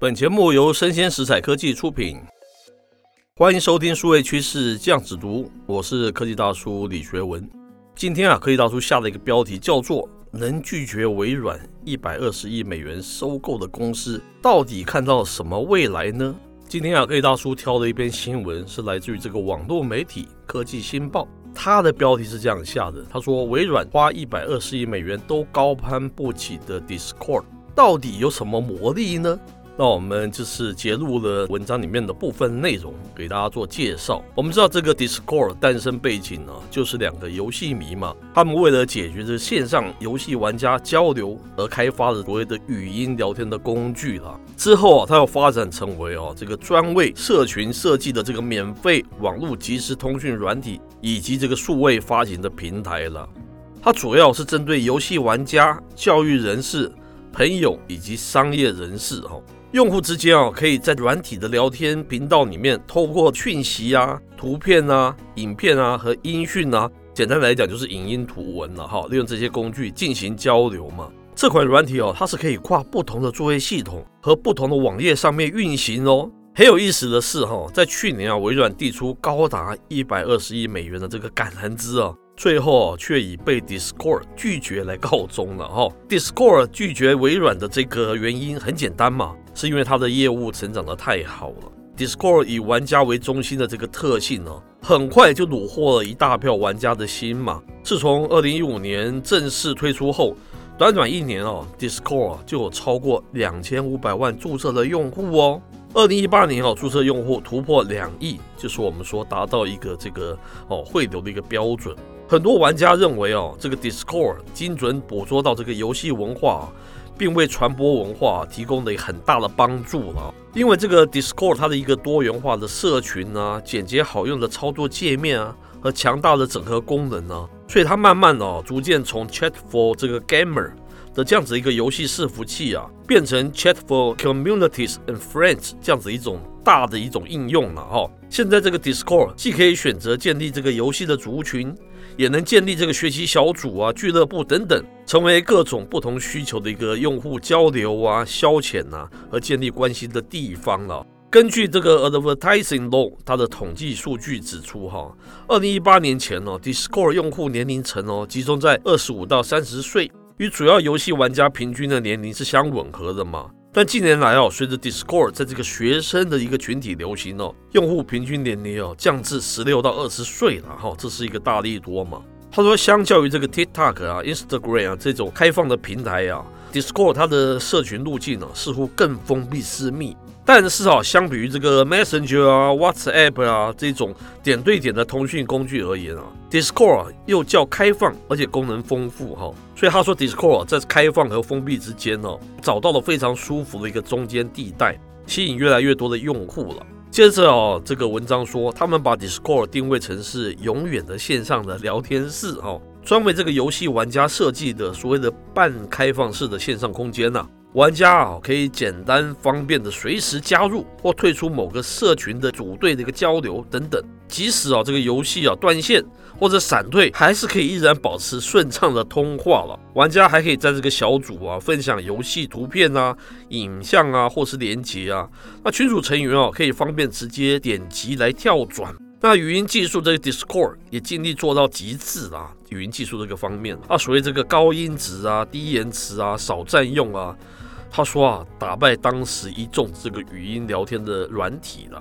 本節目由聲鮮時采科技出品，歡迎收聽數位趨勢醬子讀，我是科技大叔李學文。今天啊，科技大叔下了一個標題叫做“能拒絕微軟一百二十億美元收購的公司，到底看到了什麼未來呢？”今天啊，科技大叔挑了一篇新聞是來自於這個網絡媒體《科技新報》，它的標題是這樣下的：他說，微軟花一百二十億美元都高攀不起的 Discord，到底有什麼魔力呢？那我們就是揭露了文章裡面的部分內容，給大家做介紹。我們知道這個 Discord 誕生背景呢、啊，就是兩個遊戲迷嘛，他們為了解決這線上遊戲玩家交流而開發的所謂的語音聊天的工具了、啊。之後啊，它又發展成為哦、啊、這個專為社群設計的這個免費網絡即時通訊軟體以及這個數位發行的平台了。它主要是針對遊戲玩家、教育人士、朋友以及商業人士哈、啊。用戶之間啊，可以在軟體的聊天頻道裡面，透過訊息啊、圖片啊、影片啊和音訊啊，簡單來講就是影音圖文了哈，利用這些工具進行交流嘛。這款軟體哦，它是可以跨不同的作業系統和不同的網頁上面運行哦。很有意思的是哈，在去年啊，微軟遞出高達一百二十億美元的這個橄欖枝啊，最後哦卻以被 Discord 拒絕來告終了哈。Discord 拒絕微軟的這個原因很簡單嘛。是因為它的業務成長得太好了。Discord 以玩家為中心的這個特性呢、啊，很快就虜獲了一大票玩家的心嘛。自從2015年正式推出後，短短一年哦、啊、，Discord 就有超過2500萬註冊的用戶哦。2018年哦、啊，註冊用戶突破兩億，就是我們說達到一個這個哦匯流的一個標準。很多玩家認為哦、啊，這個 Discord 精準捕捉到這個遊戲文化、啊。並為傳播文化提供了很大的幫助了，因為這個 Discord 它的一個多元化的社群啊，簡潔好用的操作界面啊，和強大的整合功能，啊，所以它慢慢，哦，逐漸從 Chat for 這個 Gamer 的這樣子一個遊戲伺服器啊，變成 Chat for Communities and Friends 這樣子一種大的一種應用了哈，哦。現在這個 Discord 既可以選擇建立這個遊戲的族群。也能建立這個學習小組啊、俱樂部等等，成為各種不同需求的一個用戶交流啊、消遣吶、啊、和建立關係的地方了、啊。根據這個 Advertising Log 它的統計數據指出，哈，二零一八年前哦，Discord 用戶年齡層哦集中在二十五到三十歲，與主要遊戲玩家平均的年齡是相吻合的嘛。那近年來哦，隨着 Discord 在這個學生的一個群體流行哦，用戶平均年齡哦降至十六到二十歲了哈，這是一個大利多嘛。他說，相較於這個 TikTok 啊、Instagram 啊這種開放的平臺啊。Discord 它的社群路徑呢，啊，似乎更封閉私密。但是啊，相比於這個 Messenger 啊、WhatsApp 啊這種點對點的通訊工具而言啊，Discord 又較開放，而且功能豐富哈、哦。所以他說，Discord 在開放和封閉之間，啊，找到了非常舒服的一個中間地帶，吸引越來越多的用戶了。接着哦、啊，這個文章說，他們把 Discord 定位成是永遠的線上的聊天室，哦。專為這個遊戲玩家設計的所謂的半開放式的線上空間吶，玩家啊可以簡單方便的隨時加入或退出某個社群的組隊的一個交流等等，即使啊這個遊戲啊斷線或者閃退，還是可以依然保持順暢的通話了。玩家還可以在這個小組啊分享遊戲圖片啊、影像啊或是連結啊，那群組成員啊可以方便直接點擊來跳轉。那語音技術這個 Discord 也盡力做到極致啦、啊，語音技術這個方面啊，所謂這個高音質啊、低延遲啊、少占用啊，他說啊，打敗當時一眾這個語音聊天的軟體了。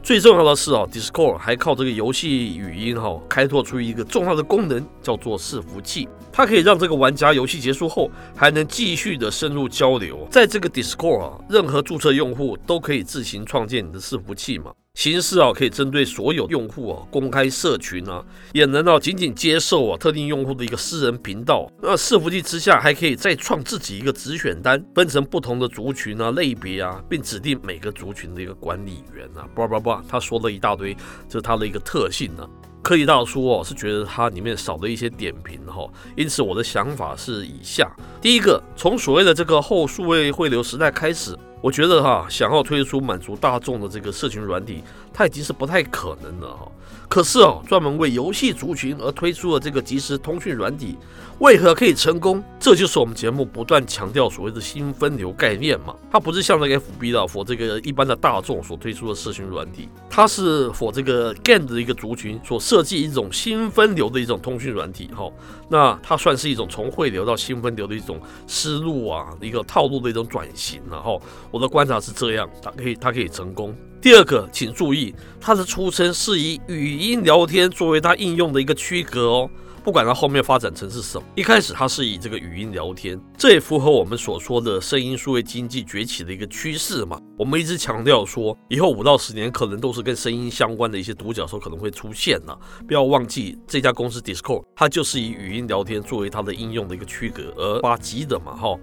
最重要的是啊，Discord 還靠這個遊戲語音哈、啊，開拓出一個重要的功能，叫做伺服器，它可以讓這個玩家遊戲結束後還能繼續的深入交流。在這個 Discord 啊，任何註冊用戶都可以自行創建你的伺服器嘛。形式啊，可以針對所有用戶啊公開社群呢，也能哦僅僅接受啊特定用戶的一個私人頻道。那伺服器之下還可以再創自己一個直選單，分成不同的族群啊、類別啊，並指定每個族群的一個管理員啊。不不不，他說了一大堆，這是他的一個特性呢。科技大叔哦是覺得它裡面少了一些點評哈，因此我的想法是以下：第一個，從所謂的這個後數位匯流時代開始。我覺得哈，想要推出滿足大眾的這個社群軟體，它已經是不太可能了哈。可是哦，專門為遊戲族群而推出的這個即時通訊軟體，為何可以成功？這就是我們節目不斷強調所謂的“新分流”概念嘛。它不是像那個 FB 的或這個一般的大眾所推出的社群軟體，它是 for 這個 game 的一個族群所設計一種新分流的一種通訊軟體。哈，那它算是一種從匯流到新分流的一種思路啊，一個套路的一種轉型啊。然後哦，我的觀察是這樣，它可以，它可以成功。第二個，請注意，它的出身是以語音聊天作為它應用的一個區隔哦。不管它後面發展成是什麼，一開始它是以這個語音聊天，這也符合我們所說的聲音數位經濟崛起的一個趨勢嘛。我們一直強調說，以後五到十年可能都是跟聲音相關的一些獨角獸可能會出現了啊。不要忘記這家公司 Discord，它就是以語音聊天作為它的應用的一個區隔而發跡的嘛，吼！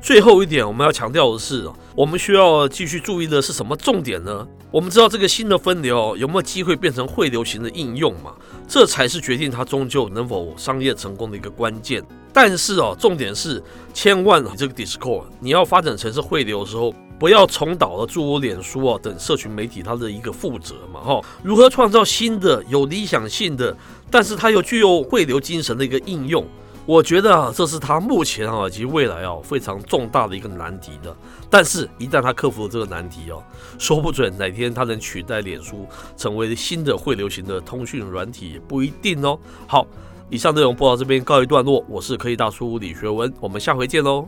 最後一點，我們要強調的是，我們需要繼續注意的是什麼重點呢？我們知道這個新的分流有沒有機會變成匯流型的應用嘛？這才是決定它終究能否商業成功的一個關鍵。但是哦，重點是，千萬這個 Discord 你要發展成是匯流的時候，不要重蹈了諸如臉書啊等社群媒體它的一個覆轍嘛，哈。如何創造新的有理想性的，但是它又具有匯流精神的一個應用？我覺得這是他目前啊以及未來啊非常重大的一個難題的，但是一旦他克服了這個難題哦，說不準哪天他能取代臉書，成為新的會流行的通訊軟體也不一定哦。好，以上內容播到這邊告一段落，我是科技大叔李學文，我們下回見嘍。